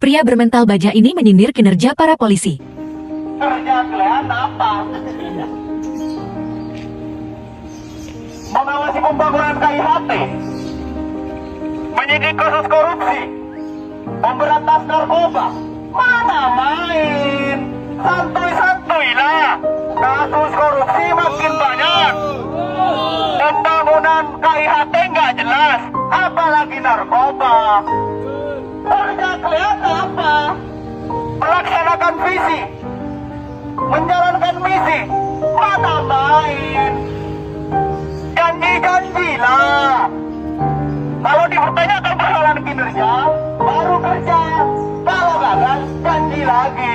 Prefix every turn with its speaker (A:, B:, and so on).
A: Pria bermental baja ini menyindir kinerja para polisi.
B: Kerja kelihatan apa? Mengawasi pembangunan KIHT, menyidik kasus korupsi, pemberantas narkoba, mana main? santuy santuylah kasus korupsi makin banyak. Pembangunan KIHT nggak jelas, apalagi narkoba. polisi menjalankan misi, mata main. Janji-janjilah. Kalau dipertanyakan persoalan kinerja, baru kerja.
C: Kalau gagal, janji lagi.